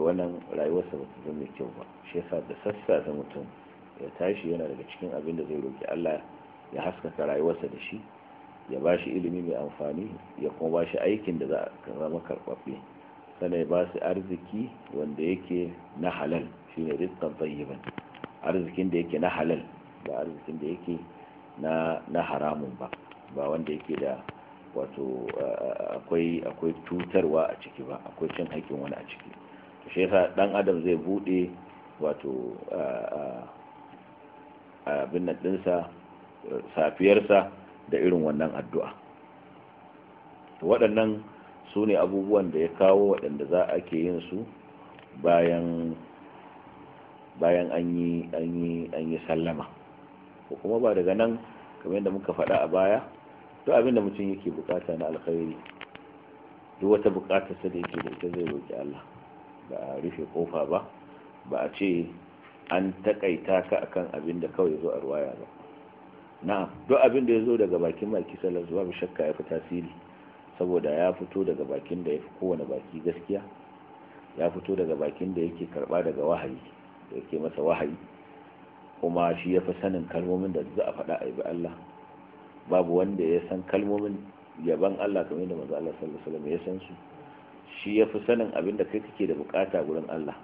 to wannan rayuwarsa ba ta zama mai kyau ba shi yasa da sassa sassafe mutum ya tashi yana daga cikin abin da zai roki Allah ya haskaka rayuwarsa da shi ya ba shi ilimi mai amfani ya kuma ba shi aikin da za a zama karɓaɓɓe sana ya ba su arziki wanda yake na halal shi ne rizkan tsayiban arzikin da yake na halal ba arzikin da yake na haramun ba ba wanda yake da wato akwai tutarwa a ciki ba akwai cin haƙƙin wani a ciki shi yasa dan adam zai bude wato abin nan dinsa safiyarsa da irin wannan addu'a waɗannan su ne abubuwan da ya kawo waɗanda za a ke yin su bayan bayan an yi an yi sallama ko kuma ba daga nan kamar yadda muka faɗa a baya duk abin da mutum yake bukata na alkhairi duk wata bukatarsa da yake da ita zai roƙi Allah ba a rufe kofa ba ba a ce an takaita ka akan abin da kawai zo a ruwaya ba na'am duk abin da ya zo daga bakin maki sallar zuwa shakka ya fi tasiri saboda ya fito daga bakin da ya fi kowane baki gaskiya ya fito daga bakin da yake karba daga wahayi da yake masa wahayi kuma shi ya fi sanin kalmomin da za a faɗa a yabi Allah babu wanda ya san kalmomin yaban Allah kamar da manzo Allah sallallahu alaihi wasallam ya san su shi ya fi sanin abin da kai kake da bukata gurin Allah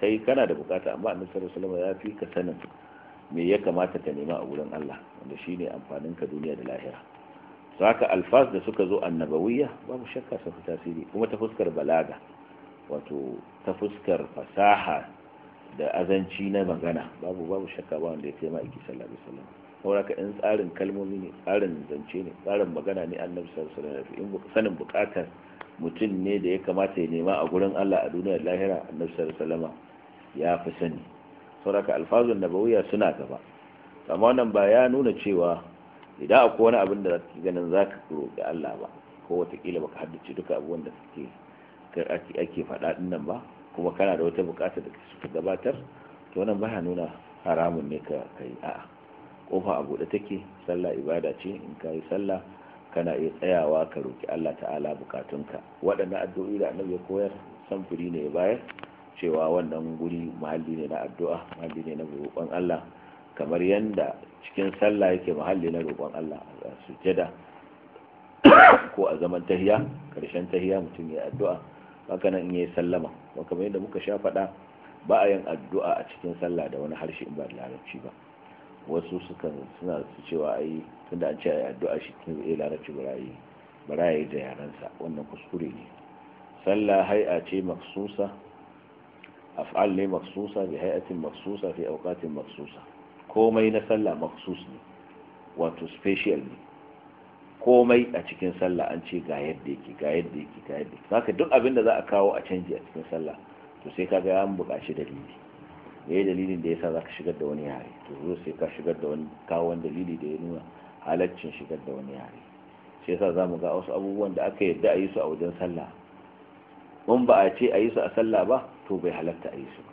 kai kana da bukata amma annabi sallallahu alaihi wasallam ya fi ka sanin me ya kamata ka nema a gurin Allah wanda shine amfanin ka duniya da lahira to haka alfas da suka zo annabawiyya babu shakka sun fi tasiri kuma ta fuskar balaga wato ta fuskar fasaha da azanci na magana babu babu shakka ba wanda ya kai ma'aiki sallallahu alaihi wasallam ka in tsarin kalmomi ne tsarin zance ne tsarin magana ne annabi sallallahu alaihi wasallam in sanin bukatar mutum ne da ya kamata ya nema a gurin Allah a duniyar lahira annabi sallallahu ya fi sani sauraka alfazun nabawiya suna gaba amma wannan ba ya nuna cewa idan akwai wani abin da zaka ganin zaka roƙi Allah ba ko ba baka haddace duka abubuwan da suke ake faɗa din nan ba kuma kana da wata buƙatar da su gabatar to wannan ba ya nuna haramun ne ka kai a'a ƙofa a buɗe take sallah ibada ce in ka yi sallah kana iya tsayawa ka roki Allah ta'ala bukatunka waɗannan addu'o'i da annabi ya koyar samfuri ne bayan cewa wannan guri mahalli ne na addu'a mahalli ne na roƙon Allah kamar yanda cikin sallah yake mahalli na roƙon Allah a sujjada ko a zaman tahiya karshen tahiya mutum ya addu'a haka nan in yayi sallama kamar yadda muka sha faɗa ba a yin addu'a a cikin sallah da wani harshe in ba da larabci ba wasu sukan suna cewa ai tunda an ce a addu'a shi tun zai larabci barayi barayi da yaransa wannan kuskure ne sallah hai'a ce maksusa af'al ne maksusa bi hai'atin maksusa fi auqatin maksusa komai na sallah maksus ne wato special ne komai a cikin sallah an ce ga yadda yake ga yadda yake ga yadda yake haka duk abin da za a kawo a canji a cikin sallah to sai kaga an buƙaci dalili yi dalilin da ya sa za ka shigar da wani yare to zo sai ka shigar da wani kawon dalili da ya nuna halaccin shigar da wani yare shi yasa mu ga wasu abubuwan da aka yadda a yi su a wajen sallah in ba a ce a yi su a sallah ba to bai halatta a yi su ba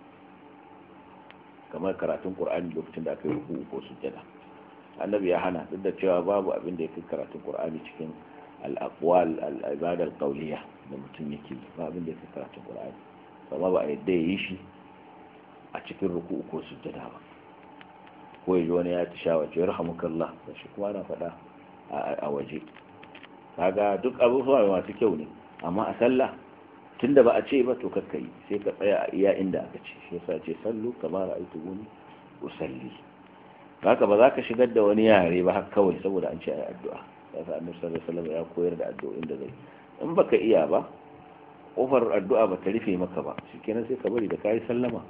kamar karatun qur'ani lokacin da aka yi ruku ko sujjada annabi ya hana duk da cewa babu abin da ya fi karatun qur'ani cikin al-aqwal al ibadat qawliya da mutum yake ba abin da ya fi karatun qur'ani amma ba a yadda ya yi shi a cikin ruku'u ko jada ba ko ya wani ya ta shawace kalla da shi kuma na faɗa a waje kaga duk abubuwa masu kyau ne amma a sallah tunda ba a ce ba to kakka yi sai ka tsaya a iya inda aka ce shi yasa ce sallu kamar aiki wani usalli haka ba za ka shigar da wani yare ba haka kawai saboda an ce ayi addu'a Ya annabi sallallahu alaihi ya koyar da addu'o'in da zai in baka iya ba kofar addu'a ba ta rufe maka ba shikenan sai ka bari da kayi sallama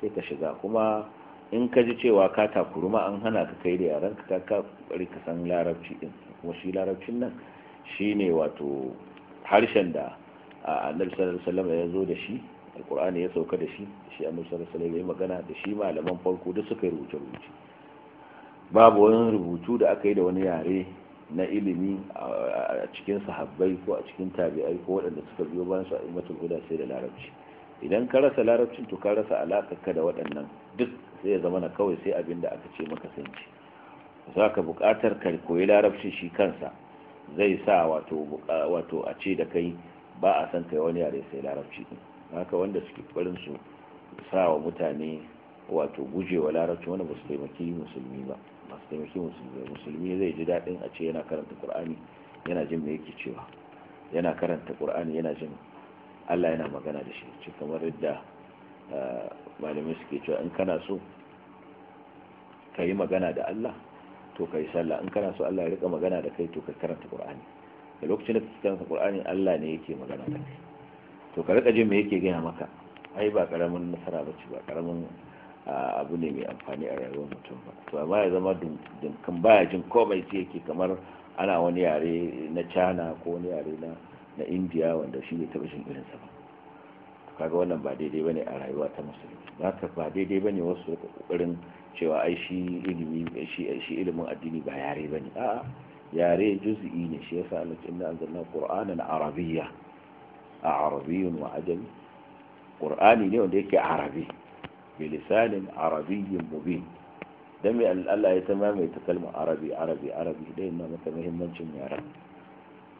sai ka shiga kuma in ka ji cewa ka takuruma an hana ka kai da yaran ka ka bari ka san larabci din kuma shi larabcin nan shine wato harshen da annabi sallallahu alaihi wasallam ya zo da shi alqur'ani ya sauka da shi shi annabi sallallahu alaihi wasallam magana da shi malaman farko da suka yi rubuce rubuce babu wani rubutu da aka yi da wani yare na ilimi a cikin sahabbai ko a cikin tabi'ai ko waɗanda suka biyo bayan su a imatul huda sai da larabci idan ka rasa larabcin to ka rasa alaƙarka da waɗannan duk sai ya zama na kawai sai abin da aka ce maka sanci za ka buƙatar ka koyi larabcin shi kansa zai sa wato a ce da kai ba a san kai wani yare sai larabci din haka wanda suke ƙwarin su sa wa mutane wato gujewa larabci wanda ba su taimaki musulmi ba masu taimaki musulmi ba musulmi zai ji daɗin a ce yana karanta ƙur'ani yana jin me yake cewa yana karanta ƙur'ani yana jin Allah yana magana da shi ce kamar yadda ah, malamai suke cewa in kana so ka yi magana da Allah to ka yi sallah in kana so Allah ya rika magana da kai to ka karanta Qur'ani da lokacin da ka karanta Qur'ani Allah ne yake magana da kai to ka rika jin me yake gaya maka ai ba karamin nasara bace ba karamin ah, abu ne mai amfani a rayuwar mutum ba to amma ya zama dinkan baya jin komai ce yake kamar ana wani yare na cana ko wani yare na na indiya wanda shi ne taɓa shin irinsa ba kaga wannan ba daidai bane a rayuwa ta musulmi haka ba daidai bane wasu kokarin cewa ai shi ilimi shi shi ilimin addini ba yare bane a'a yare juz'i ne shi yasa Allah inna anzalna na arabiyya a arabiyyu wa ajami qur'ani ne wanda yake arabi lisanin arabiyyin mubin dan me Allah ya tamamaita kalmar arabi arabi arabi dai ina maka muhimmancin yaren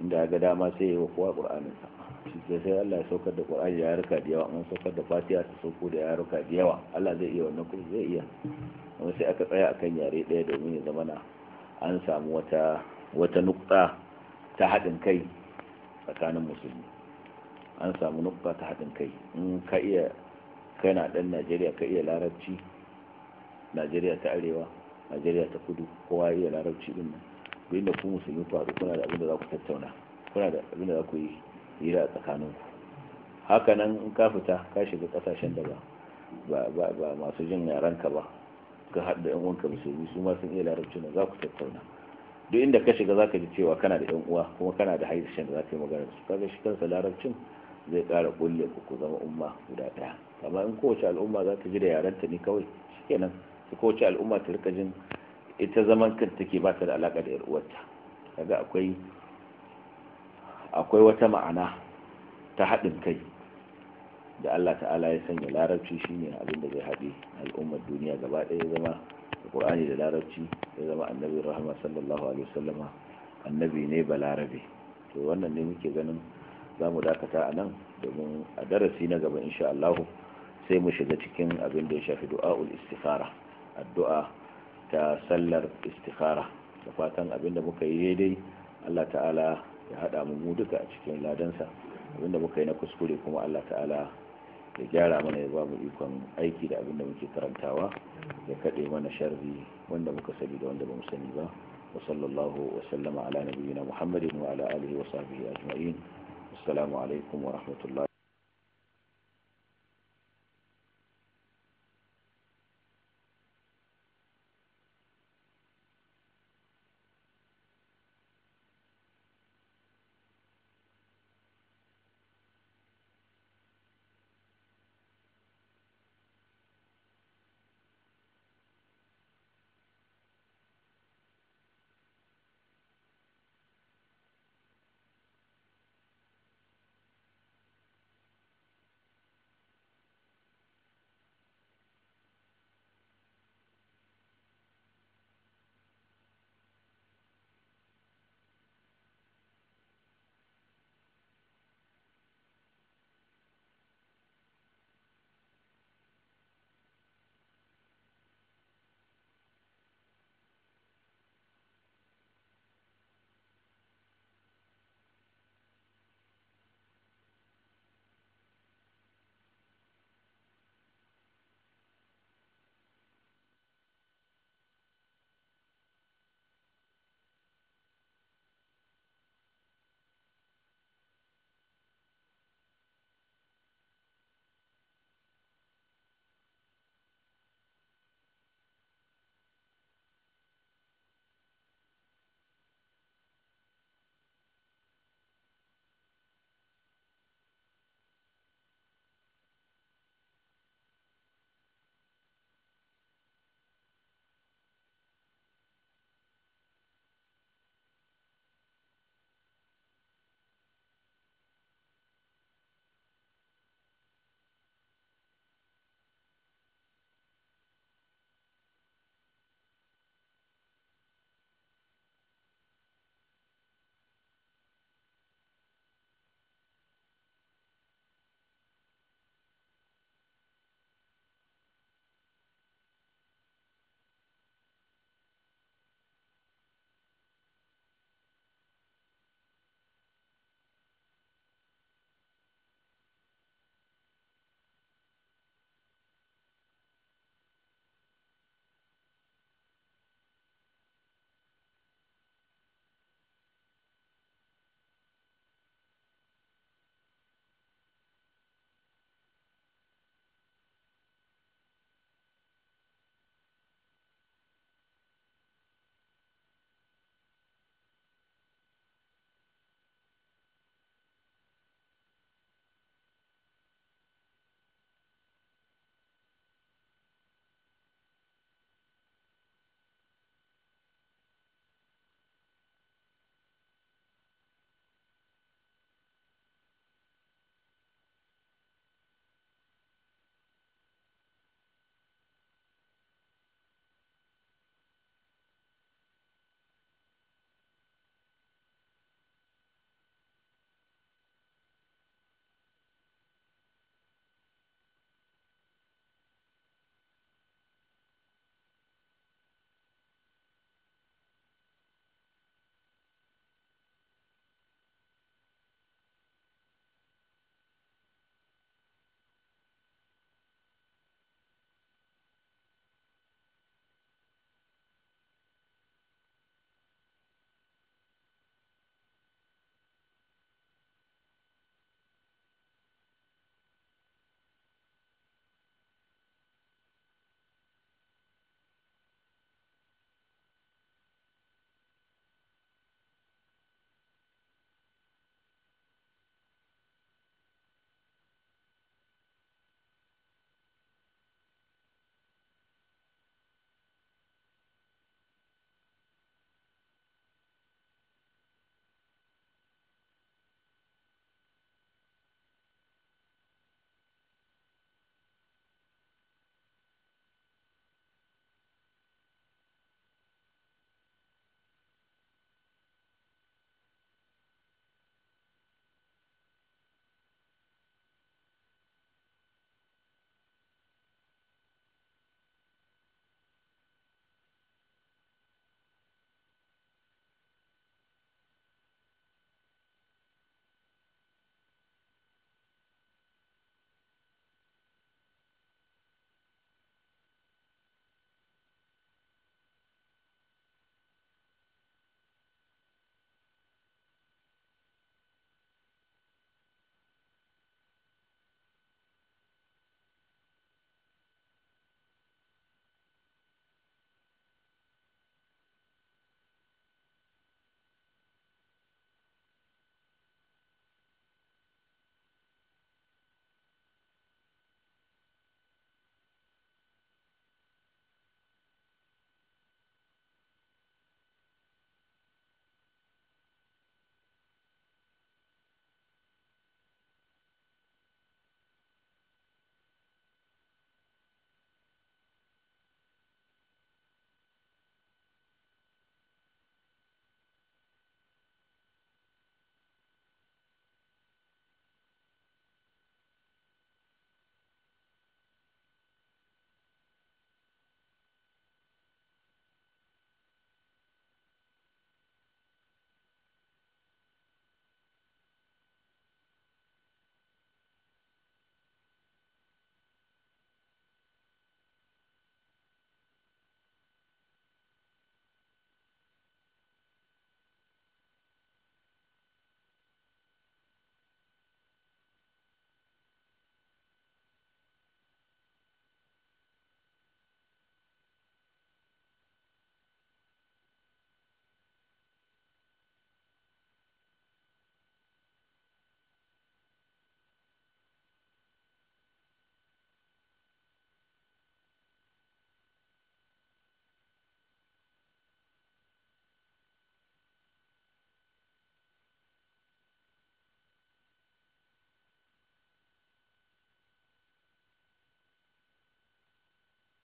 inda ga dama sai ya wafuwa ƙur'anin sa shi sai Allah ya saukar da ƙur'ani ya yaruka da yawa an saukar da fatiha ta sauko da yaruka da yawa Allah zai iya wannan kuma zai iya amma sai aka tsaya akan yare daya domin ya zama na an samu wata wata nukta ta haɗin kai tsakanin musulmi an samu nukta ta haɗin kai in ka iya kana ɗan Najeriya ka iya larabci Najeriya ta arewa Najeriya ta kudu kowa iya larabci din nan ku inda ku musulmi ku kuna da abinda za ku tattauna kuna da abin da za ku yi hira a tsakanin ku haka nan in ka fita ka shiga kasashen da ba ba masu jin yaranka ba ka haɗu da 'yan uwanka musulmi su ma sun iya larabci na za ku tattauna duk inda ka shiga za ka ji cewa kana da yan uwa kuma kana da haishin da ka yi magana da su kaga shi kansa larabcin zai kara kulle ku ku zama umma guda ɗaya amma in kowace al'umma za ta ji da yaranta ne kawai shikenan su kowace al'umma ta rika jin ita zaman kanta take ba ta da alaka da uwarta kaga akwai akwai wata ma'ana ta haɗin kai da Allah ta'ala ya sanya larabci shine abin da zai haɗe al'ummar duniya gaba ɗaya zama Qur'ani da larabci ya zama annabi rahama sallallahu alaihi wasallama annabi ne balarabe to wannan ne muke ganin za mu dakata a nan domin a darasi na gaba insha Allah sai mu shiga cikin abin da ya shafi dua du'a'ul istikhara addu'a ta sallar istikhara da fatan abinda muka yi daidai Allah ta'ala ya haɗa mu duka a cikin ladansa abinda muka yi na kuskure kuma Allah ta'ala ya gyara mana ya ba mu ikon aiki da abinda muke karantawa ya kaɗe mana sharri wanda muka sani da wanda ba mu sani ba wa sallallahu wa sallama ala nabiyina muhammadin wa ala alihi wa sahbihi ajma'in assalamu alaikum wa rahmatullahi